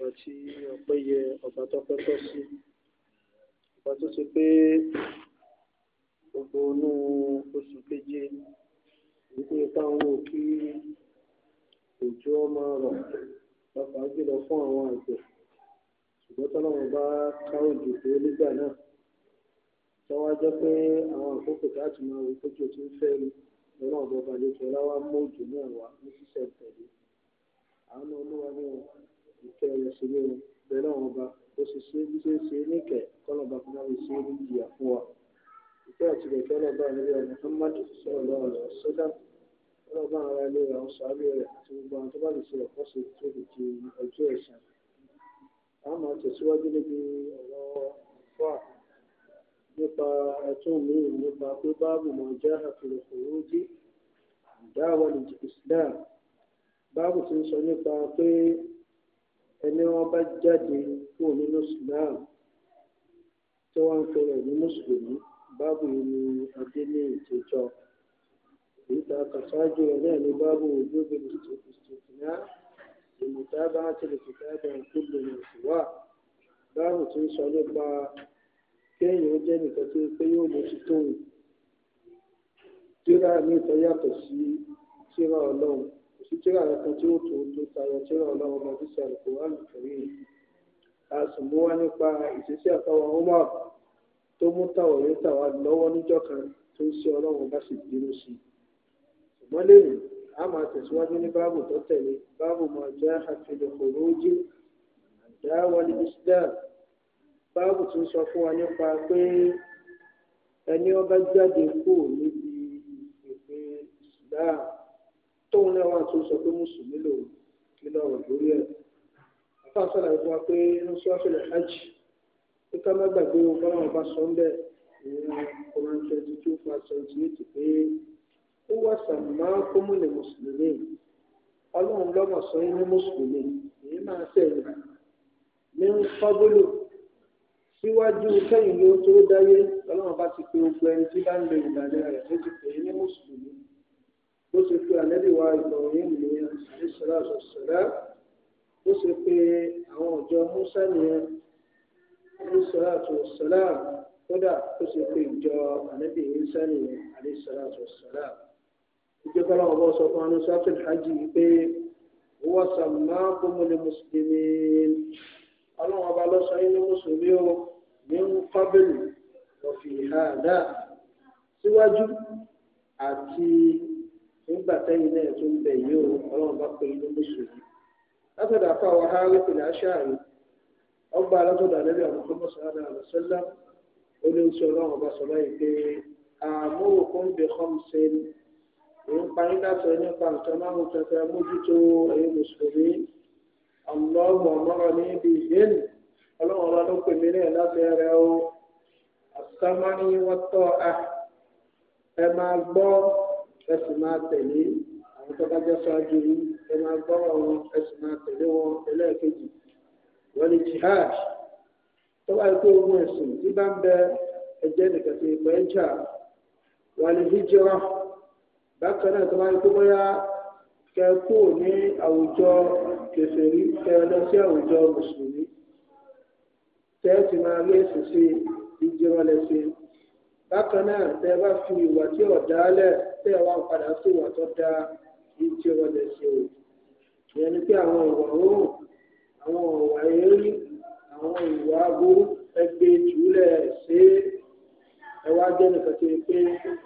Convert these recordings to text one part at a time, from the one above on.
ọba tí ọpẹ́ yẹ ọba tọ́pẹ́ tọ́ sí ọba tó ṣe pé gbogbo inú oṣù keje ìdílé táwọn ò kí òjò máa rọ̀ pàápàá jùlọ fún àwọn àgbẹ̀ ṣùgbọ́n tọ́lọ́run bá ká òjò tó nígbà náà tọ́wọ́ jẹ́ pé àwọn àkókò láti máa wò kójú tó ń fẹ́ mi lọ́nà ọ̀bọ̀n balẹ̀ tó láwá mú òjò náà wá ní sísẹ̀ tẹ̀lé àwọn ọmọ olúwa ní wọn. nke rẹ̀ sí ọba ó sì ṣe bí ṣe ṣe níkẹ́ kọ́nọ̀bà fún náà ṣe ní ìyà fún wa ìkẹ́ àti ìrẹ̀kẹ́ ọlọ́ba nílé ọ̀nà Muhammadu sọ̀rọ̀ lọ́wọ́ rẹ̀ sọ́dá ọrụ ara ilé rẹ̀ ọ̀sọ̀ abẹ́ rẹ̀ àti gbogbo àwọn tó a nípa nípa pé báàbù àfihàn Islam báàbù ti ń sọ nípa ẹni wọn bá jáde kúrò nínú Islam tí wọn ń pèrè ní mùsùlùmí báàbù ni adélé ìtẹjọ èyí tá a kà ṣáájú rẹ náà ní báàbù olóògbé ìtìkìná ìmùtábà àti ìtìkìtàbà ìkúlù ìwà báàbù tí ń sọ nípa kéèyàn jẹ́ nìkan tó pé yóò mójútó tíra mi tó yàtọ̀ sí tíra ọlọ́run sí tíra kankan tí ó tó tó tayọ tíra ọlọ́run lọ́dún sí Al-Qur'an Karim a sì mú wá nípa ìṣesí àtàwọn ọmọ tó mú táwọn yóò tà wá lọ́wọ́ kan tó ń ṣe ọlọ́run bá sì bínú sí i ṣùgbọ́n lẹ́yìn a máa tẹ̀síwájú ní báàbù tó tẹ̀lé báàbù máa jẹ́ àfihàn kòrójì àdáwọlé islam báàbù tún sọ fún wa nípa pé ẹni ọba jáde kúrò níbi ìpè islam tóun náà wà tó sọ pé mùsùlùmí lòun kí lọ́rọ̀ lórí ẹ̀ àfa sọ̀rọ̀ fún wa pé inú sọ́ọ́sọ̀rọ̀ hajj pé ká má gbàgbé wọn báwọn bá sọ ń bẹ̀ ìran Quran twenty two five seventy eight pé ó wà sàmá kómìnì mùsùlùmí ọlọ́run lọ́mọ̀ sọ yín ní mùsùlùmí èyí máa sẹ̀yìn ní fábólò síwájú kẹ́yìn ló tó dáyé ọlọ́run bá ti pe ogun ẹni tí bá ń lo ìlànà rẹ̀ ló ti pè é ní mùsùlùmí bó ṣe pé ànábì wa ìgbọ̀nyìn nìyẹn àdéṣọlá ṣọṣọlá bó ṣe pé àwọn ọ̀jọ́ musa nìyẹn àdéṣọlá ṣọṣọlá kódà bó ṣe pé ìjọ ànábì musa nìyẹn àdéṣọlá ṣọṣọlá ìjọba àwọn ọba sọ fún anúṣà tó hajj pé wọ́n sàmà kọ́mọlẹ̀ mùsùlùmí ọlọ́run ọba lọ́sọ yín mùsùlùmí o ní ń kọ́bìlì ọ̀fìn ìhà dáa síwájú àti nígbà tẹ́yìn náà tó ń bẹ̀ yìí o ọlọ́run bá pè é ní mùsùlùmí látọ̀dọ̀ àpá wa hárí pèlè aṣáàrí ọgbà látọ̀dọ̀ àlẹ́bí àwọn tó mọ̀sán àdá àlọ́sẹ́lá ó ní oṣù ọlọ́run ọba sọ báyìí pé àmúrò kó ń bẹ xọ́m ṣe ni èyí ń parí láti nípa nǹkan márùn tẹ̀tẹ̀ mójútó èyí mùsùlùmí àmúlọ́gbọ̀n mọ́rọ̀ ní ibi ìyẹn ọlọ́run ọba pè ẹ sì máa tẹ̀lé àwọn tó bá jẹ́ ṣáájú yìí ẹ máa gbọ́rọ̀ wọn ẹ sì máa tẹ̀lé wọn ẹlẹ́ẹ̀kejì wọ́n ní jihad tó bá yẹ pé ogun ẹ̀sìn tí bá ń bẹ ẹjẹ́ nìkan ti pẹ́ ń jà wọ́n ní hijira bákan náà tó bá yẹ pé bóyá kẹ kú ní àwùjọ kèfèrí kẹ lọ sí àwùjọ mùsùlùmí tẹ́ ti máa rí èsì sí ìjírọ̀lẹ́sìn bákan náà tẹ́ bá fi ìwà tí ọ̀dà lẹ̀ pé àwa padà sí ìwà tó dáa yìí tí wọ́n lè ṣe o. ìyẹn ni pé àwọn ìwà oòrùn àwọn ìwà eré àwọn ìwà aburú ẹgbẹ́ ìjùlẹ̀ ṣe é ẹwà jẹ́ nìkan tó yẹ pé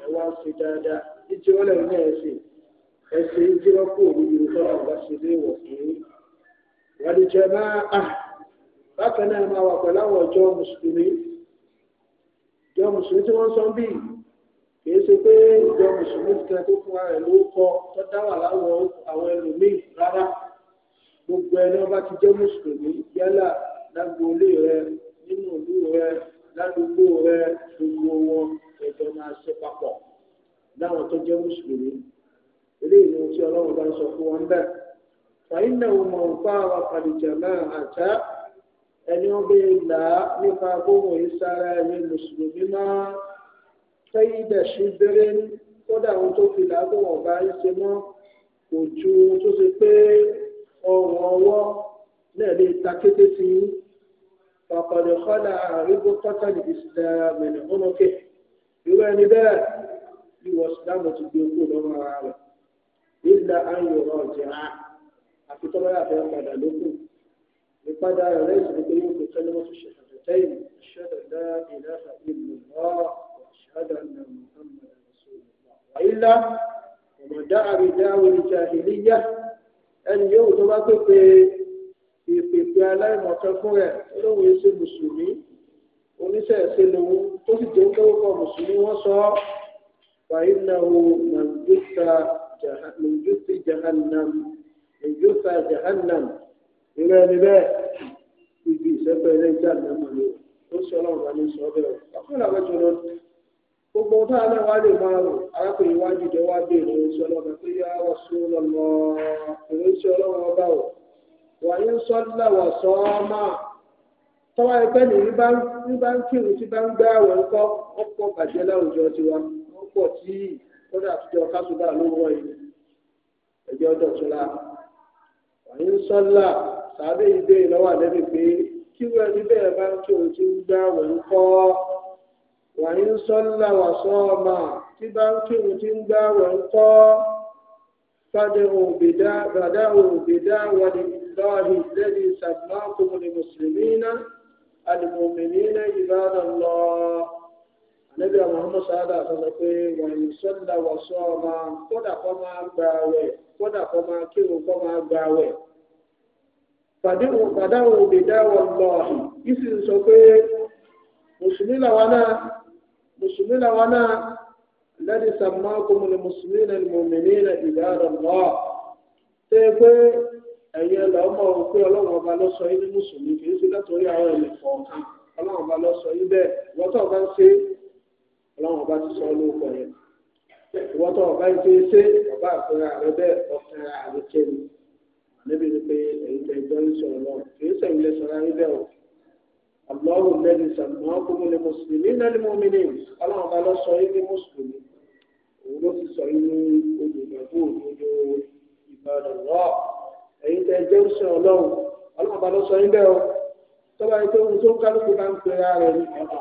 ẹwà ṣe dáadáa yìí tí wọ́n lè ní ẹ̀sìn ẹ̀sìn yìí tí wọ́n kò ní ìlú tó àgbà ṣe lé wọ̀ fún yín. wàlìjẹ́ máa bákan náà máa wà pẹ̀lú àwọn ọjọ́ mùsùlùmí ọjọ́ mùsùlùmí tí wọ́n sọ ń kìí ṣe pé ìjọ mùsùlùmí kan tó fún ara rẹ̀ ló kọ tó dáwà wà àwọn ẹlòmíì rárá gbogbo ẹni ọba ti jẹ́ mùsùlùmí yálà lágboolé rẹ nínú ìlú rẹ ládùúgbò rẹ̀ gbogbo wọn ẹjọ máa ṣe papọ̀ láwọn tó mùsùlùmí eléyìí ni bá ń sọ fún wọn fàyín náà mọ òǹfà wa náà ẹni wọn bẹ sẹ́yìn bẹ̀ sí bẹ̀rẹ̀ kódà ohun tó fi làágùn ọ̀bá ń ṣe mọ́ kò ju ohun tó ṣe pé ọrùn ọwọ́ náà lè ta kété sí i ọ̀pọ̀lọpọ̀ kọ́dà àrígbó kọ́tà lè fi ṣe mẹ̀lẹ̀ ọ̀nàkè irú ẹni bẹ́ẹ̀ ìwọ̀ sùdámù ti gbé kú lọ́wọ́ ara rẹ̀ nígbà ayò ọ̀jẹ̀ a àfi tọ́lá yàtọ̀ padà lókù ìpadà rẹ̀ lẹ́yìn tó yẹ kó tẹ́lẹ̀ ńlá ọ̀mọ̀dá àrídáwò ìjàhìlíyà ẹni yóò tó bá pèpè ìpèpè aláìmọ̀kan fún rẹ̀ olóhùn ẹsẹ̀ mùsùlùmí oníṣẹ̀ṣe lòun tó sì jẹ́ kẹ́wọ́kọ̀ mùsùlùmí wọ́n sọ fàínàwó mọ̀jútì jahannam mọ̀jútà jahannam ìrẹ́ ni bẹ́ẹ̀ ibi ìṣẹ́pẹ́ ẹlẹ́jà náà mọ̀ ló sọ ọlọ́run wà ní gbogbo ohun táwọn náà wá lè máa rò arákùnrin wá dìde wá béèrè oṣù ọlọ́mọ pé yá wọ́n sún lọ́mọ èrè ọba o wà ń sọ láwọ̀ sọ ọmọ tọ́wọ́ ẹgbẹ́ nìyí bá ń kírun tí bá ń àwọn ńkọ́ bàjẹ́ láwùjọ tiwa wọ́n pọ̀ tí kódà àtijọ́ kásùdà ló ìbéèrè lọ́wọ́ wàyí ń sọ́lá wà sọ́ọ̀mà tí bá ń kírun tí ń gbá wẹ̀ ń kọ́ fàdé òbèdá bàdá òbèdá wà ní lọ́ọ̀hìn lẹ́ni sàmákùn ní mùsùlùmí náà alìmọ̀mìnì náà ìbára lọ. ànábì Muhammad sáádà sọ pé wàyí sọ́lá wà sọ́ọ̀mà kódà kọ́ máa gbà wẹ̀ kódà kọ́ máa kírun kọ́ máa gbà wẹ̀. fàdé òbèdá wà lọ́ọ̀hìn ìsìn sọ pé mùsùlùmí làwọn náà mùsùlùmí làwọn náà lẹ́ni sàmákùmù ni mùsùlùmí náà ni mùmìnì náà ìdá àdàmọ́ tẹ́ ẹ pé ẹ̀yin ẹ̀ làwọn mọ̀ pé ọlọ́run ọba ló sọ yín ní mùsùlùmí kì í sí látọ̀rí àwọn ẹ̀mí kọ̀ọ̀kan ọlọ́run ọba ló sọ yín bẹ́ẹ̀ ìwọ́tọ̀ ọba ń ṣe ọlọ́run ọba ti sọ lóko yẹn ìwọ́tọ̀ ọba ń ṣe ṣe ọba àpẹẹrẹ àrẹ bẹ́ẹ̀ ọ̀kan àrẹ kẹ́mi níbi ni pé ẹ̀yin tẹ̀ ìjọ ń sọ̀rọ̀ kì í sẹ̀yìn lẹ́sọ̀rọ̀ ayé bẹ́ẹ̀ àlọ́rù lẹ́nu sàmúhàn kó mo lè mùsùlùmí náà ni mo mi ní ọlọ́run bá lọ sọ yín ní mùsùlùmí òun ló ti sọ yín ní olùgbàgbọ́ òdodo ìbàdàn lọ ẹ̀yin tẹ́ jẹ́ òṣìṣẹ́ ọlọ́run ọlọ́run bá lọ sọ yín bẹ́ẹ̀ o tọ́ba yìí tó ń tó ń kálukú bá ń pera rẹ̀ ní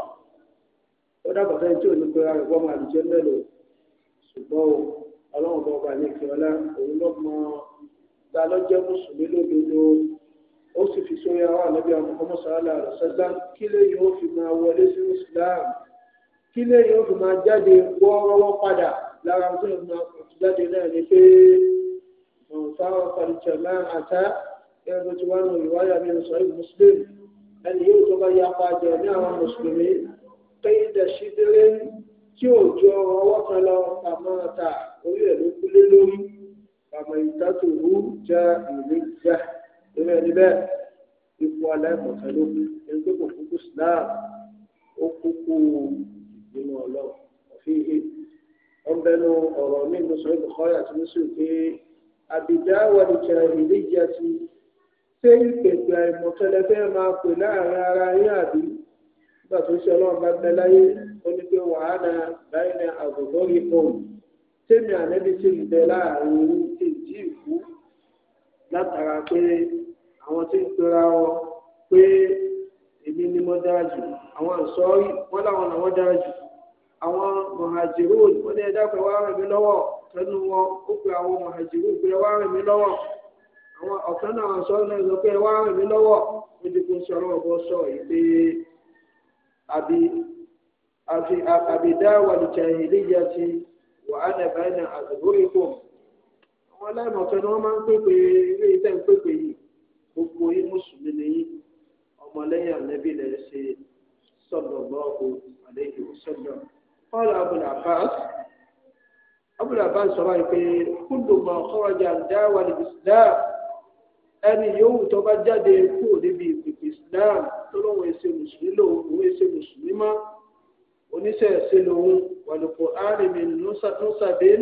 ó sì fi sórí àwọn àlẹ́bí àmọ́kọ́mọ́ sàálà rẹ̀ sẹ́lá kí lè yóò fi máa wọlé sí Islam kí lè yóò fi máa jáde wọ́ọ́rọ́wọ́ padà lára tó yẹ máa jáde náà ni pé mọ̀nfà ọ̀pàdìjọ náà àtá ẹ̀rọ tí wọ́n lò ìwáyà mi sọ yìí mùsùlùmí ẹni yóò tó bá ya pàjọ ní àwọn mùsùlùmí pé ìdẹ̀ sídìrí tí ò jọ ọwọ́ kan lọ àmọ́ ta orí ẹ̀ ló kú lé lórí àmọ́ ìtàtò rú já ìlú já ìrẹ́ ẹni bẹ́ẹ̀ ikú aláìmọ̀tán ló kú ẹni tó kò kúkú islam ó kúkú ìbínú ọlọ́run òfin ihe wọn bẹnu ọ̀rọ̀ mi ní sọ ìbùkọ àti mùsùlùmí pé àbìdá wà ní jàhìlì jẹ ti ṣé ìpèpè àìmọ̀tán lẹ máa pè láàrin ara yín àbí nígbà tó ṣe ọlọ́run bá gbẹ láyé ó ní pé wàhálà báyìí ní àgùntàn rí fóun tèmi ànẹ́bí ti ń bẹ láàrin orí kejì ìkú látara pé àwọn tí ń pera wọn pé èmi ni mo dára jù àwọn àǹsọ́rí wọn làwọn làwọn dára jù àwọn mọ̀hàjìrún wọn ní ẹ̀dá pé wàá rìn mí lọ́wọ́ tẹnu wọn ó pe àwọn mọ̀hàjìrún pé wàá rìn lọ́wọ́ àwọn ọ̀kan náà àǹsọ́rí náà sọ pé wàá rìn lọ́wọ́ ó ti kó sọ̀rọ̀ ọ̀bọ sọ ìpè àbí àbí dáwà lìjàhìlìyà ti wà á nàbàánà ọlẹ́mọ̀tẹ́ ni wọ́n máa ń pèpè ilé iṣẹ́ ń pèpè yìí gbogbo yín mùsùlùmí ni yín ọmọlẹ́yìn ànẹ́bí lẹ̀ ṣe sallallahu alayhi wa sallam. qala Abul Abbas Abul Abbas sọ wáyé pé kullu man kharaja dáwà níbi islam ẹni yòówù tó bá jáde kú níbi ìpìpì islam tó lóun èsè mùsùlùmí lòun òun èsè mùsùlùmí má oníṣẹ́ ẹ̀sìn lòun wal Qur'ani min nusabin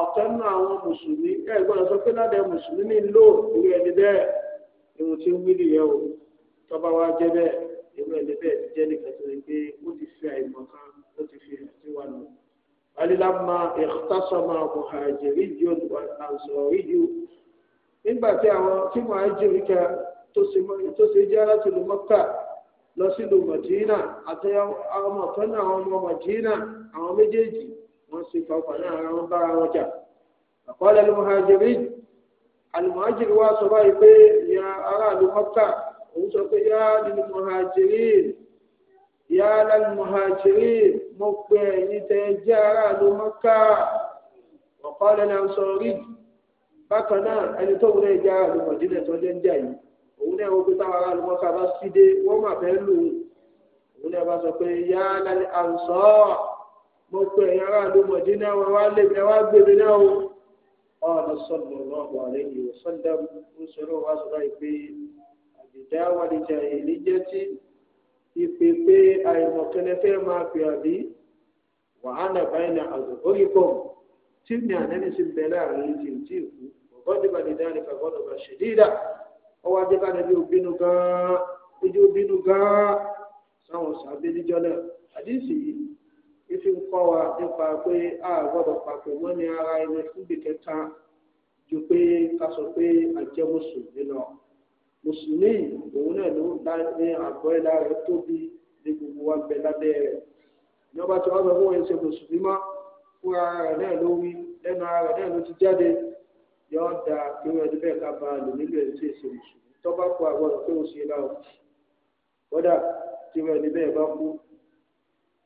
ọ̀kẹ́ nù àwọn mùsùlùmí ẹ gbọ́dọ̀ sọ pé ládàá mùsùlùmí ní lò irú ẹni bẹ́ẹ̀ irun tí ń wí nìyẹn o tọ́ba wa jẹ́ bẹ́ẹ̀ irú ẹni bẹ́ẹ̀ ti jẹ́ nìkan tó ń gbé ó ti fi àìmọ̀ kan ó ti fi àti wà nù. alilama ìtàsọmọ muhajiri ju ansori ju nígbà tí àwọn tí muhajiri ká tó ṣe jẹ́ láti lu Mọ́kà lọ sílùú Mọ̀dínà àti àwọn ọmọ wọ́n sì fa ọkọ̀ náà ara wọn bára wọn jà àkọọ́lẹ̀ al-muhajirin al-muhajir wa sọ báyìí pé ya aráàlú mọ́kà òun sọ pé ya lil-muhajirin ya lil-muhajirin mo pè ẹ̀yin tẹ́ jẹ́ aráàlú mọ́kà àkọọ́lẹ̀ al-ansari bákan náà ẹni tó wúlẹ̀ jẹ́ aráàlú mọ̀dínlẹ̀ tó jẹ́ ń jà yìí òun náà wọ́n pé táwọn aráàlú mọ́kà bá síde wọ́n mà fẹ́ lù òun náà bá sọ pé ya lil-ansar mo pe ẹ̀yin aráàlú mọ̀dínà wọn wá lè mi wá gbèmí náà o. ọ̀nà sọ̀rọ̀ náà wà lẹ́yìn ìwòsàndà ń sọ̀rọ̀ wá sọ̀rọ̀ ìpè àbìdá wà ní jà èlé jẹ́ tí ìpè pé àìmọ̀kẹ́lẹ́ fẹ́ máa pè àbí wàhánà báyìí na àgbẹ̀ orí kọ̀ tí mi ànẹ́ni sì bẹ̀ láàrin ti ti ìkú ọ̀gọ́dì bá ṣe dídà ọwọ́ adé bá fífi ń kọ́ wa nípa pé a gbọ́dọ̀ papọ̀ mọ́ ní ara ẹni síbi kẹta ju pé ká sọ pé àjẹ́ mùsùlùmí lọ. mùsùlùmí òun náà ló ní àgọ́ ẹ̀dá rẹ̀ tóbi ní gbogbo wa bẹ lábẹ́ rẹ̀. ìjọba tí wọ́n sọ fún ẹ̀ṣẹ̀ mùsùlùmí mọ́ fún ara rẹ̀ náà ló wí lẹ́nu ara rẹ̀ náà ló ti jáde yọ da kí wọ́n ẹni bẹ́ẹ̀ ká a lò nílò ẹni tí èsì mùsùlùmí tọ́ bá kó àgbọ̀dọ̀ pé ó ṣe láwọn kódà tí wọ́n ẹni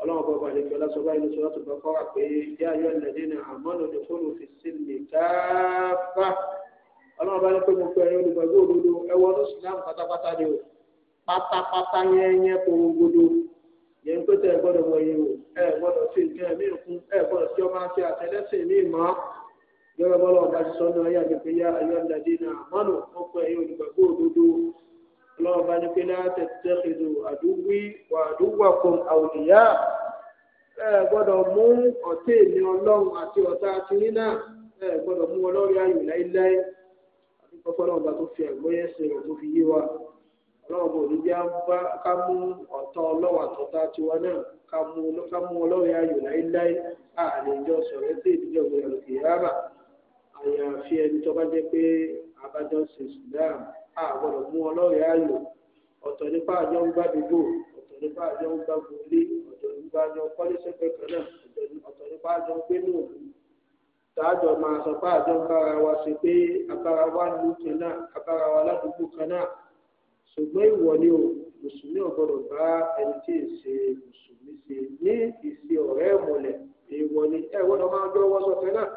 ọlọ́run bọ́ba àlejò ọlásọ́gbà ilé sọ́lá tó bá fọ́ra pé yá ayọ́ ẹ̀lẹ́dẹ́ ní àmọ́nà ní fóònù fi sí ní káfá ọlọ́run bá ní pé mo pé ẹ̀yin olùgbàgbọ́ òdodo ẹwọ́n ló sì dáhùn pátápátá ni o pátápátá yẹn yẹn kó gbogbo yẹn pé tẹ ẹ gbọ́dọ̀ wọ̀nyí o ẹ gbọ́dọ̀ sí nǹkan ẹ̀mí ìkún ẹ gbọ́dọ̀ sí ọmọ àti àtẹlẹsìn mí mọ́ gẹ́gẹ́ bọ́lá ọ̀dà ti sọ́nà ayé àgbègbè yá ayọ́ ẹ̀lẹ́dẹ́ ní àmọ́nà mo pé ẹ̀yin olùgbàgbọ́ òdodo ọlọ́run bá ní pé láti tẹ́kìdù àdúgbì wà àdúgbà kan àwòdìyá ẹ gbọ́dọ̀ mú ọ̀tẹ́ èmi ọlọ́run àti ọ̀tá tìrín náà ẹ gbọ́dọ̀ mú ọlọ́run ayò láíláí àti pọ́pọ́lọ́run bá tó fi àgbọ́yé ẹsẹ̀ rẹ̀ tó fi yé wa ọlọ́run bò ní bí a bá ká mú ọ̀tá ọlọ́run àtọ̀tá tiwa náà ká mú ọlọ́run ayò láíláí àlè ìjọ sọ̀rọ̀ ẹsẹ̀ ìdíjọ́ ìgbéyàwó kìí rárá àyàfi ẹni tó bá jẹ́ pé abájọ́ ṣe sùdáàmù àgbọ̀dọ̀ mú ọlọ́rẹ̀ẹ́ àlò ọ̀tọ̀ nípa àjọ ń gbàdúgbò ọ̀tọ̀ nípa àjọ ń gbàgbọ́lé ọ̀tọ̀ nípa àjọ kọ́lẹ́sẹ̀pẹ̀ kan náà ọ̀tọ̀ nípa àjọ gbé ní òkú tààjọ máa sọ pé àjọ ń bára wa ṣe pé abára wa lù kan náà abára wa ládùúgbò kan náà ṣùgbọ́n ìwọ ni o mùsùlùmí ò gbọdọ̀ bá ẹni tí ì ṣe mùsùlùmí ṣe ní ìṣe ọ̀rẹ́ ìmọ̀lẹ̀ ìwọ ni ẹ gbọdọ̀ máa jọ wọ́sọ̀ kan náà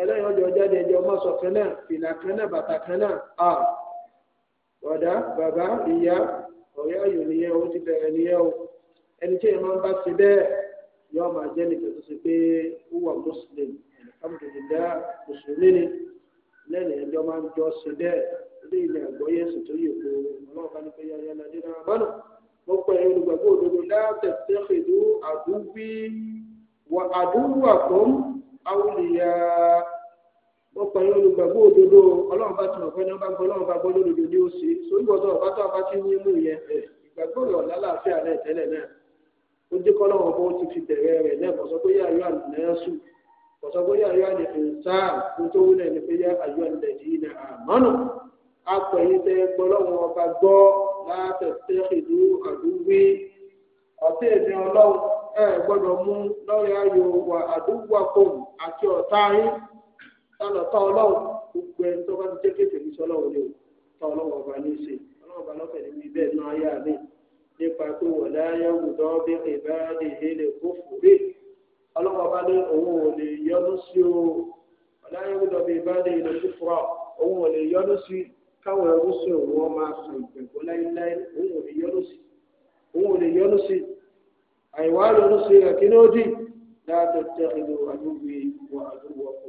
ẹlẹ́yìn ọjọ́ jáde ẹjọ́ mọ́sọ̀ kan náà fìlà kan náà bàtà kan náà ọ̀dà bàbá ìyá ọ̀rẹ́ ayò nìyẹn ó ti bẹ̀rẹ̀ nìyẹn o ẹni tí ìran bá ti bẹ́ẹ̀ yọ máa jẹ́ nìkan tó ṣe pé ó wà mùsùlùmí alhamdulilá mùsùlùmí ni lẹ́nu ẹjọ́ máa ń jọ ṣe bẹ́ẹ̀ ilé ilẹ̀ àgbọ́yé ẹ̀sìn tó yẹ kó ọlọ́run bá ní pé yáyá ládé náà bá nù gbogbo olùgbàgbọ́ òdodo látẹ̀sẹ̀ àdúgbì àdúgbò àkọ́m àwùlíyà ó parí olùgbàgbọ́ òdodo ọlọ́run bá tún ọ̀fẹ́ ní wọ́n bá gbọ́ ọlọ́run bá gbọ́ lódodo ní òsì sórí bọ́tọ̀ ọ̀bátọ̀ ọ̀bá tí ń ní mú yẹn ìgbàgbọ́ rẹ̀ ọ̀làláàfíà náà tẹ́lẹ̀ náà ó dé kọ́ lọ́wọ́ bó ti fi bẹ̀rẹ̀ rẹ̀ náà kọ̀sọ́ pé yá ayọ́ àlùmẹ́sù kọ̀sọ́ pé yá ayọ́ àlùfẹ́nsáà kó tó wúlẹ̀ ní pé yá ayọ́ àlùdẹ̀dìínà àmọ́nà apẹ̀yìn tẹ gbọ́ lọ́wọ́ ọba gbọ́ látẹ̀tẹ̀ ìlú àdúgbé ọ̀tí ẹ̀mí ọlọ́run ẹ̀ gbọ́dọ̀ mú lọ́rẹ̀ ayò wà àdúgbò àpòm àti ọ̀tá yín sálọ tọ́ ọlọ́run gbogbo ẹni tó bá ti jẹ́ kéèké ní sọlọ́run ni o tọ́ ọlọ́run ọba ní í ṣe ọlọ́run ọba lọ́fẹ̀ẹ́ níbi bẹ́ẹ̀ náà yá mi nípa pé wọ̀lá yẹ̀wù dọ́ọ́bí ìbáraẹni ìhìnlẹ̀ kófòrí ọlọ́run ọba ní òun ò lè yọnu sí o wọ̀lá yẹ̀wù dọ́ọ́bí ìbáraẹni ìhìnlẹ̀ kófòrọ̀ òun ò lè yọnu sí káwọn ẹrú sí òun wọn máa sùn ìgbẹ̀gbọ́ láíláí òun ò lè yọnu sí òun ò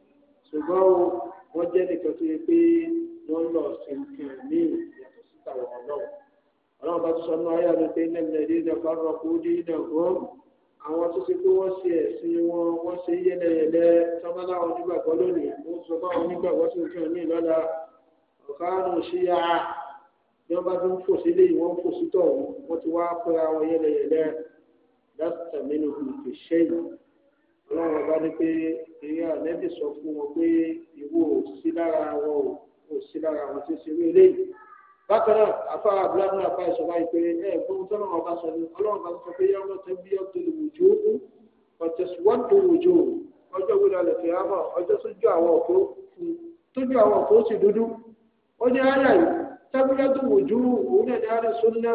ṣùgbọ́n wọ́n jẹ́ nìkan tó yẹ pé wọ́n lọ sí nǹkan míì yàtọ̀ sí tàwọn ọlọ́run ọlọ́run bá ti sọ náà yára pé nílẹ̀ ìdílé fárọ́ kó dé ìdá gbọ́n àwọn tó ṣe pé wọ́n ṣe ẹ̀sìn wọn wọ́n ṣe yẹlẹyẹlẹ tọ́ba láwọn onígbàgbọ́ lónìí wọ́n sọ bá àwọn onígbàgbọ́ sí nǹkan míì lọ́la ọ̀kárùn ṣíyà bí wọ́n bá fi fò sílé yìí wọ́n ń fò sítọ̀ wọ́n ti wá pé àwọn yẹlẹyẹlẹ láti tàmínú ìfẹsẹ̀yìn ọlọ́run ọba ní pé eré ànẹ́bì sọ fún wọn pé ìwọ ò sí lára wọn ò sí lára wọn tí ó ṣe wéyé lẹ́yìn bákan náà afárá abúlé náà fa ìṣọba yìí pé ẹ gbóhùn tó náà ọba sọ ní ọlọ́run bá sọ pé yẹn wọn ti bí ọtọ lè wòjú òkú ọ̀tẹ̀síwọ́ntò wòjú ọjọ́ gbọ́dọ̀ lè fi hàn ọjọ́ sójú àwọn òkú tójú àwọn òkú sì dúdú ó ní ara yìí tábílẹ̀ tó wòjú òun náà ní ara sọ́nà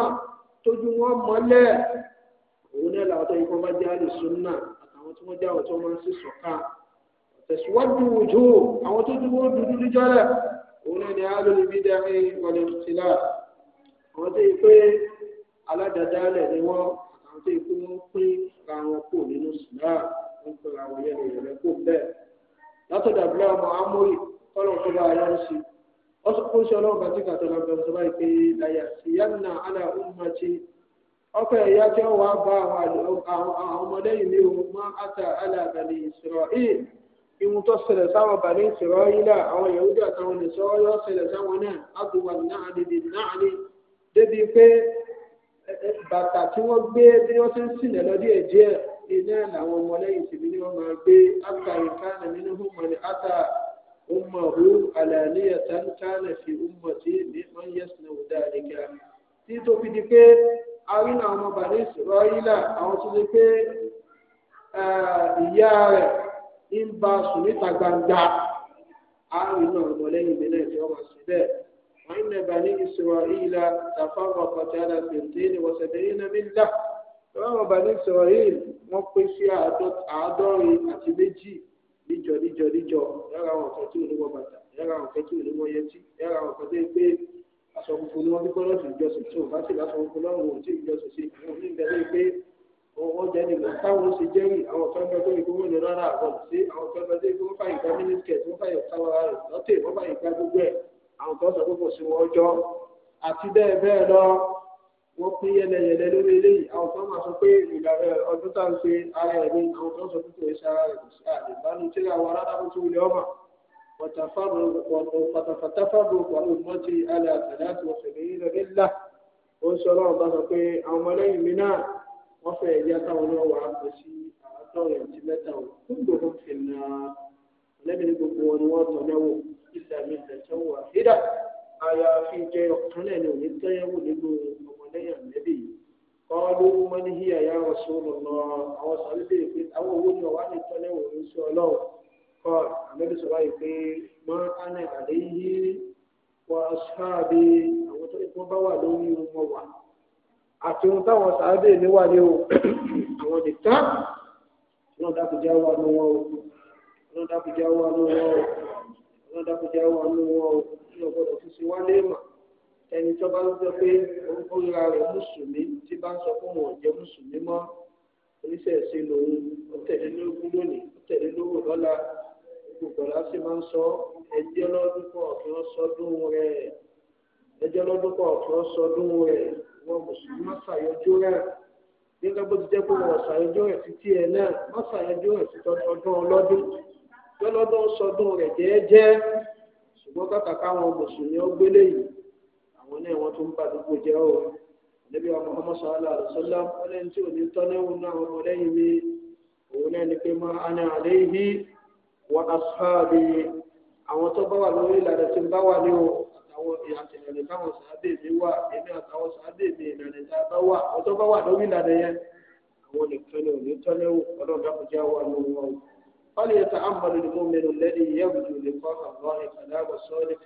wà tójú wọn mọ́lẹ̀ òun náà làwọn tó yẹ kó máa jẹ́ àlùsùnà àtàwọn tí wọ́n jẹ́ àwọn tó máa ń sì sọ̀ka tẹ̀síwájú òjò àwọn tó dúró dúdú níjọ́lẹ̀ òun náà ni àlùlù bí dáhìn wọlé tìlá àwọn tó yẹ pé aládàdálẹ̀ ni wọ́n àwọn tó yẹ pé wọ́n pín ra wọn kò nínú sùnà wọ́n pín ra wọn yẹn lè yẹn lẹ́kọ̀ọ́ bẹ́ẹ̀ látọ̀dà bí wọn mọ amórì tó bá yọ sí i. ọsọ kó ṣe ọlọ́run bàtí kàtọ́lá bẹ̀rẹ̀ sọ́ba ìpè ìdáyà ìyáàna àlà ọmọọ̀tì ọkọ̀ ẹ̀yà tí wọ́n wá bá àwọn ọmọlẹ́yìn ní ohun máa àtà àlà àbàlẹ̀ ìṣòro ìyè ìhun tó ṣẹlẹ̀ sáwọn bàlẹ̀ ìṣòro ìlà àwọn àtàwọn yóò ṣẹlẹ̀ sáwọn náà àdùwà náà àdìdì náà ni débi pé bàtà tí wọ́n gbé bí wọ́n ti ń sìn díẹ̀ أمه علانية كان في أمتي ممن يصنع ذلك tító fi di pé arínà àwọn bàbá ìsìráìlà àwọn tó di pé ìyá rẹ̀ ń bá sùn níta gbangba arínà ọmọlẹ́yìn mi náà tí wọ́n máa ṣe bẹ́ẹ̀ wọ́n ń lẹ́bàá ní ìsìráìlà tàfáwọn kọjáda fèrèdé ní wọ́sẹ̀dẹ́yìn náà nílá ìwọ́n bàbá ìsìráìlì wọ́n pè sí àádọ́rin àti méjì níjọ níjọ níjọ yàrá àwọn kan tí ò ní wọ bàtà yàrá àwọn kan tí ò ní wọ yẹtí yàrá àwọn kan tó ń pé aṣọ funfun ni wọn fi kọ́ lọ́sùn ìjọsìn tí bá sì láṣọ funfun lọ́rùn òun tí ìjọsìn sí òun ní ìgbà lóye pé wọn jẹ nígbà táwọn ṣe jẹ́rì àwọn kan bẹ tó ìgbówó ní rárá àwọn sí àwọn kan bẹ tó ìgbówó wọ́n pín yẹlẹyẹlẹ lórí eléyìí àwọn kan máa sọ pé ìlànà ọdún tá à ń ṣe ara ẹ̀ ní àwọn kan sọ pé kò ṣe ara rẹ̀ kò sí àlè ìbánu tí àwọn aládàbò tó wulẹ̀ ọmọ pàtàfàtàfàdù pàlú mọ́tì alẹ́ àtàlẹ́ àti ọ̀sẹ̀lẹ̀ yìí lọ́dẹ́ ńlá ó ń sọ ọlọ́run bá sọ pé àwọn ọmọlẹ́yìn mi náà wọ́n fẹ́ ẹ̀yà táwọn náà wà á pè sí àádọ́rin àti mẹ́ta ò kúndùn fún fìlà lẹ́bi ní gbogbo wọn ni wọ́n tọ̀ náà wò ìlànà ìtẹ̀sẹ̀ àyàfi jẹ́ ọ̀kan náà òní tẹ́yẹ̀wò nínú lẹ́yìn àlẹ́bí kọ́ọ́lù ya yá Rasulullah àwọn sàlẹ́bí pé àwọn owó ni ọ̀wá ní tọ́lẹ̀ òun sí ọlọ́run kọ́ àlẹ́bí sọ báyìí pé mọ́ ánà àléyé wọ aṣáàbí àwọn tó ìpọ́n bá wà lórí wọn wà àti ohun táwọn sàlẹ́bí mi wà ní o àwọn nìkan wà ní wọn o wà ní wọn o wà ní wọn o fi ẹni tó bá ń sọ pé orúkọ ríra rẹ̀ mùsùlùmí tí bá ń sọ fún wọn jẹ́ mùsùlùmí mọ́ oníṣẹ́ẹ̀ṣe lòun ó tẹ̀lé lógún lónìí ó tẹ̀lé lówó lọ́la gbogbo ọ̀la sì máa ń sọ ẹjẹ́ lọ́dún kọ̀ọ̀kan sọdún rẹ̀ ẹjẹ́ lọ́dún kọ̀ọ̀kan sọdún rẹ̀ wọn mùsùlùmí má ṣàyọjú rẹ̀ nígbà bó ti jẹ́ pé wọn ṣàyọjú rẹ̀ títí ẹ̀ náà má ṣàyọjú rẹ̀ sí ọdún ọlọ́dún lọ́lọ́dún sọdún rẹ̀ jẹ́ẹ́jẹ́ ṣùgbọ́n kàkà káwọn mùsùlùmí ó òun náà wọ́n tún bá gbogbo jẹ́ o níbi ọmọ ọmọ sọ́ọ́lá àlùsọ́lá ọlẹ́ni tí ò ní tọ́lẹ́wọ̀n náà ọmọ lẹ́yìn mi òun náà ni pé máa ana àléhì wà asáàbì àwọn tó bá wà lórí ìlànà tí ń bá wà ní o àtàwọn ìlànà táwọn sàábè mi wà èmi àtàwọn sàábè mi ìlànà tá bá wà àwọn tó bá wà lórí ìlànà yẹn àwọn nìkan ni ò ní tọ́lẹ́wọ̀n ọlọ́run dákúnjẹ́ wà lórí o. قال يتأمل المؤمن الذي يرجو لقاء الله كلام الصالح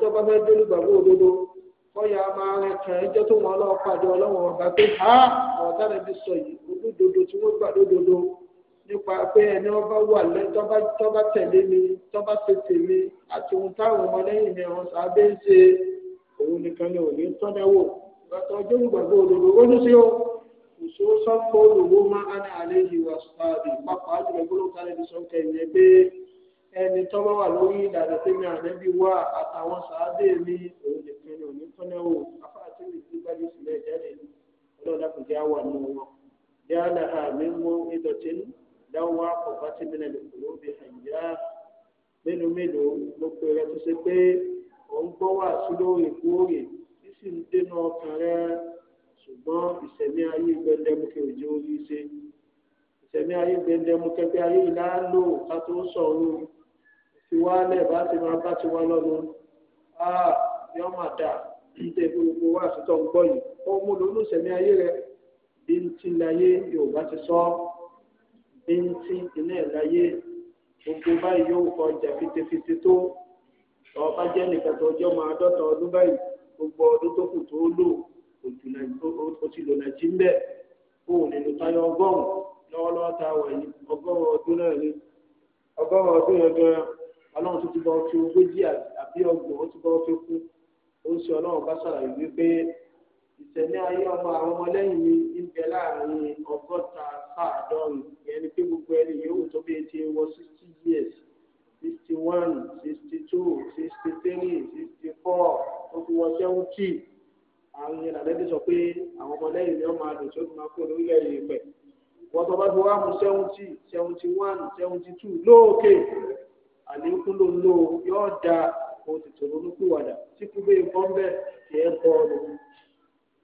tó bá fẹ́ délé gbàgbọ́ òdodo kọ́yà máa rẹ kàn án jẹ́ tó wọn lọ́wọ́ pàdé ọlọ́wọ́n ọba pé ha àwọn tá lẹ́bi sọ yìí olódodo tí wọ́n gbà lódodo nípa pé ẹni ọba wà lẹ́ tọ́ba tẹ̀lé mi tọ́ba tètè mi àti ohun táwọn ọmọ lẹ́yìn mi ọ̀hún sábẹ́ ń ṣe òun nìkan ni òní tọ́lẹ́wò bàtà ọjọ́ ìgbàgbọ́ òdodo ó ní sí o òṣù sọ́kọ́ olùwó máa ń àlejò àṣùpá rè ẹni tó wà lórí ìlànà tí mi ànábì wà àtàwọn sàádé mi òun nìkan ni òní kọ́nà o mi ti gbájú sílẹ̀ jáde ọlọ́dà kò jẹ́ àwọn àmú wọn. mú ìdọ̀tí dáwọ́ kúrò bí àyíyá mélòó mélòó ló pe rẹ tó ṣe pé òun gbọ́ wà sí lóòrèkóòrè tí sì ń dènà ọkàn ti wá lẹ̀ bá ti máa bá ti wá lọ́nu á yọ máa dà níta gbogbo wá àtúntò ń gbọ́ yìí ó mú lólùsẹ̀mí ayé rẹ bí n ti láyé yorùbá ti sọ bí n ti iná ẹ̀ láyé gbogbo báyìí yóò kọ ọjà fitefite tó ọba jẹ́ nìkan tó ọjọ́ máa dọ́ta ọdún báyìí gbogbo ọdún tó kù tó lò ó ti lò nàìjí ń kó o lè lo ọgọ́rùn-ún lọ́wọ́lọ́wọ́ tá wà yìí ọgọ́rùn-ún ọdún náà ni ọgọ́rùn-ún ọdún yẹn gan-an ọlọ́run tó ti bọ́ fi ogójì àbí ọgbọ̀n ó ti bọ́ fi kú ó ń ṣe ọlọ́run bá ṣàlàyé wípé ìṣẹ̀lẹ̀ ayé ọmọ àwọn ọmọlẹ́yìn mi ń bẹ láàrin ọgọ́ta sáàdọ́rin ìyẹn ni pé gbogbo ẹni yòówù tó bẹ́ẹ̀ ti wọ sixty years sixty one sixty two sixty three sixty four ó fi wọ seventy àwọn yẹn làbẹ́bí sọ pé àwọn ọmọlẹ́yìn ni wọ́n máa dùn tó fi máa kó lórílẹ̀ yìí pẹ̀ wọ́n tó bá fi wá mu seventy seventy one seventy two lóòkè àlékúlò ló yóò da o sì tòrò nípìwàdà tí kú bẹ́ẹ̀ bọ́ ń bẹ́ẹ̀ tì ẹ́ bọ́ ọ lòun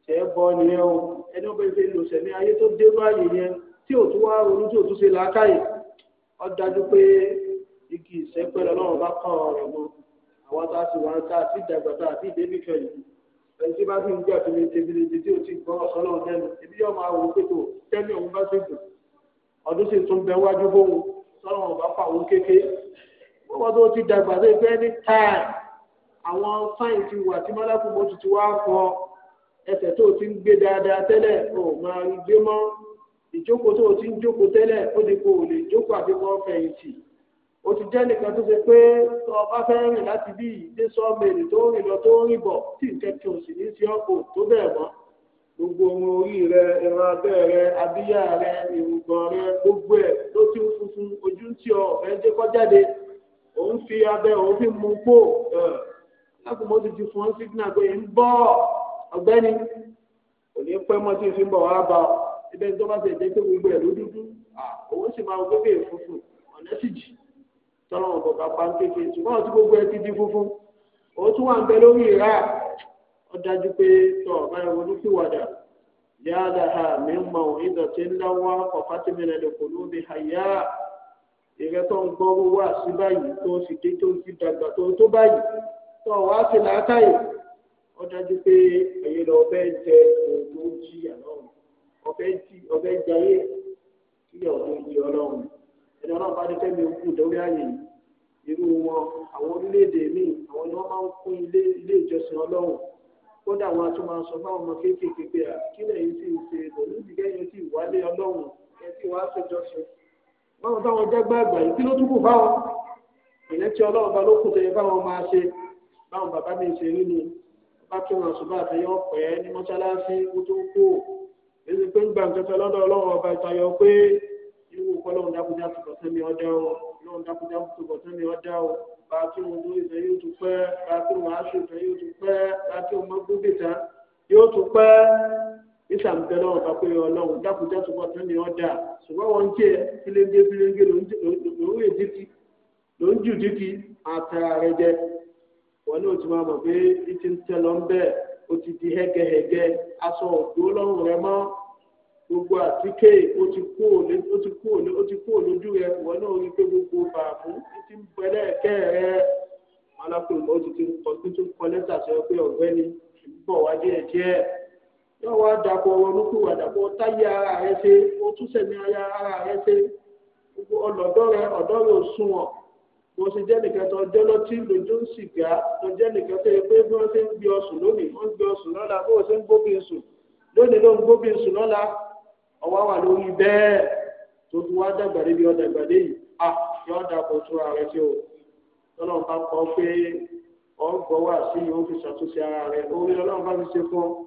tì ẹ́ bọ́ nìyẹn o ẹni wọ́n bẹ́ẹ̀ fi lò sẹ́ni ayé tó dé báyìí yẹn tí ò tún wá ronú tí ò tún ṣe làákàyè ó dájú pé igi ìsẹ́pẹ́ lọ́wọ́ bá kọ́ ọ̀rọ̀ mọ́ àwọn tá a ti wà tá a ti dàgbà tá a ti débì kẹyìn ẹni tí bá ti ń gbé àfihàn tẹ̀bílẹ̀tì tí ò ti gbọ́ ọ̀sọ́lọ́run lẹ́nu èmi yóò máa wò ó pé tó tẹ́lẹ̀ òun bá ti dùn ọdún sì tún bẹ wájú bóun sọ́lọ́run bá wọ́n tó ti dàgbà tó fẹ́ ní táì àwọn sáìn ti wà tí mọ́lákùn mo ti ti wá fọ ẹsẹ̀ tó ti ń gbé dáadáa tẹ́lẹ̀ ò máa rí gbé mọ́ ìjókòó tó ti ń jókòó tẹ́lẹ̀ ó di kó lè jókòó o ti jẹ́ nìkan tó ṣe o fẹ́ rìn láti bí ìdí sọ́ọ̀mẹ̀lì tó rìn lọ tó rìn bọ̀ tí nǹkan ní sí tó mọ́ gbogbo ohun orí rẹ ẹran rẹ abíyá gbogbo ló ti ń funfun ojú ń ọ òun fi abẹ òun fi mú kó lákùn mo ti ti fún sígínà pé ń bọ̀ ọ̀gbẹ́ni kò ní pẹ́ mọ́ tí n fi ń bọ̀ wá bá ọ ibẹ̀ tó bá ti ẹ̀jẹ̀ pé gbogbo ẹ̀ ló òun sì máa gbé bèè funfun ọ̀nà sì jì tọ́lọ́ wọn pa ń kéke ṣùgbọ́n ọtí gbogbo ẹ ti di funfun òun tún wà ń bẹ lórí ìrà ọ dájú pé wọn wàdà ha mi ìdọ̀tí ńlá wá ìrẹ tó ń gbọ́ owó àti báyìí tó ń sì dé tó ń sì dàgbà tó ń tó báyìí tó ọ̀ wá sí làákàyè ó dájú pé ẹ̀yin lọ ọbẹ̀ jẹ òògùn jí àlọ́run ọbẹ̀ jí ọbẹ̀ jayé kí ọ̀dọ́ jí ọlọ́run ẹni ọlọ́run bá ní kẹ́mi ogún lórí ààyè irú wọn àwọn orílẹ̀-èdè míì àwọn ni wọ́n máa ń kún ilé ilé ìjọsìn ọlọ́run kódà wọn a máa sọ fáwọn ọmọ kéékèèké pé àkílẹ̀ yìí sì ń ṣe lòlúdìgẹ́yìn sì wálé ọlọ́run ẹ sì wá ṣèjọsìn báwọn táwọn jẹ́gbẹ́ àgbà yìí kí ló túbù báwọn ìyẹn tí ọlọ́run bá ló kù tó yẹ báwọn máa ṣe báwọn bàbá mi ṣe rí ni bá kí wọn ṣùgbọ́n àtẹyọ pẹ́ ní mọ́ṣáláṣí kó tó kú èyí pé ń gba nǹkan tó lọ́dọ̀ ọlọ́run ọba ìtayọ pé irú ọlọ́run dákúdá tó bọ̀ sẹ́mi ọ̀dá o ọlọ́run dákúdá tó bọ̀ sẹ́mi ọ̀dá o bá kí wọn lórí ìfẹ́ yóò tún pẹ́ bá kí wọn aṣọ ìfẹ́ yóò tún pẹ́ bá kí wọn mọ́ gbógbè tán yóò tún pẹ́ isa ń tẹ lọ́wọ́ kápẹ́ ọlọ́run dákúndá tó bọ́tán ni ọ́ dà ṣùgbọ́n wọn jẹ́ fílẹ́ńgé jù àtàrà wọn máa mọ̀ pé ìtì ń ń bẹ́ẹ̀ ó ti di hẹ́gẹ́hẹ́gẹ́ aṣọ lọ́rùn rẹ mọ́ gbogbo àtíkè ó ti kú ó ti kú òlójú rẹ wọn náà rí pé gbogbo bàbú ìtì yóò wá dàpọ̀ ronúkú wà dàpọ̀ táyé ara ṣe ó tún sẹ̀mí ara rẹ ṣe gbogbo ọlọ́dọ́ rẹ ọ̀dọ́ rẹ ò jẹ́ nìkan tó jẹ́ lọ́tí lójú ń tó jẹ́ nìkan tó yẹ pé bí wọ́n ṣe ń gbé ọsùn lónìí wọ́n ń gbé ọsùn lọ́la ṣe ń sùn lónìí ló ń sùn ara o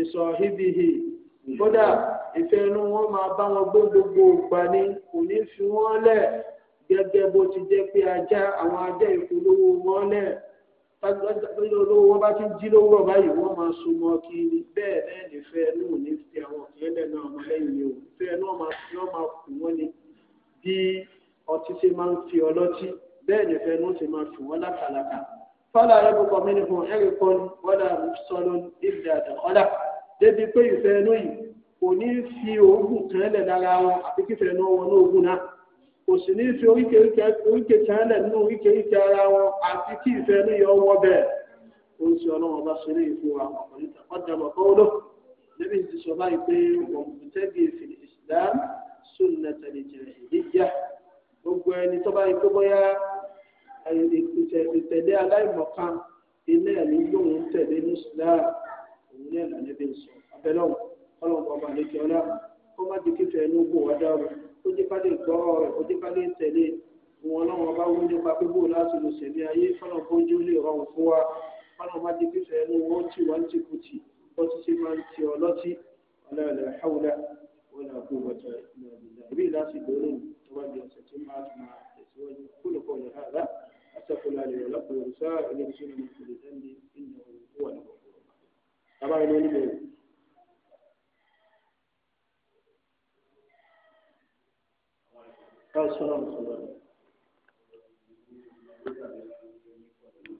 ìsọ̀ ibihì kódà ìfẹ́ inú wọn máa bá wọn gbé gbogbo ìgbà ni kò ní fi wọ́n lẹ̀ gẹ́gẹ́ bó ti jẹ́ pé ajá àwọn ajá ìpolówó wọn lẹ̀ olówó wọn bá ti jí lówó báyìí wọ́n máa súnmọ́ kí ni bẹ́ẹ̀ bẹ́ẹ̀ nífẹ̀ẹ́ inú ò ní fi àwọn ìyẹlẹ náà mọ lẹ́yìn o ìfẹ́ náà máa fi wọn máa kù wọn ni bí ọtí ṣe máa ń fi ọlọ́tí bẹ́ẹ̀ nífẹ̀ẹ́ inú ṣe máa fi wọn lákàlàkà fọlá ayébùkọ mi ni fún ẹrí kan wọlé àrùsọlọ ìdílé àdàkọlà débi pé ìfẹ́ inú yìí kò ní fi oògùn kan lẹ̀ lára wọn àti kífẹ́ inú wọn ní oògùn náà kò sì ní fi oríkèéríkèé kan lẹ̀ nínú oríkèéríkèé ara wọn àti kí ìfẹ́ inú yìí ọwọ́ bẹ́ẹ̀ ó ń sọ ọlọ́run bá ṣeré ìfún wa ọkùnrin tàkọ́jàmọ̀ kọ́wọ́lọ́ níbi tí sọ báyìí pé wọ́n ìtẹ̀lé aláìmọ̀kan ilé ẹ̀mí lòun tẹ̀lé mùsùlùmí òun náà lànà bí n sọ abẹ́lọ́wọ̀ ọlọ́run bàbá àlejò ọlá kó má di kífẹ́ inú gbò wá dáàbò ó jẹ́ ká lè gbọ́ rẹ̀ ó jẹ́ ká lè tẹ̀lé wọn ọlọ́run bá wú nípa gbogbo láti lò sẹ̀mí ayé fọlọ́n bójú lè rọrùn fún wa fọlọ́n má di kífẹ́ inú wọn ó tì wá ń tìkùtì ó ti ṣe máa ń ti ọlọ́tí ọlọ́ọ̀lẹ̀ àwùlà wọn أستغفر الله ولكم ولسائر المسلمين من كل ذنب إنه هو الغفور طبعا يقول قال صلى الله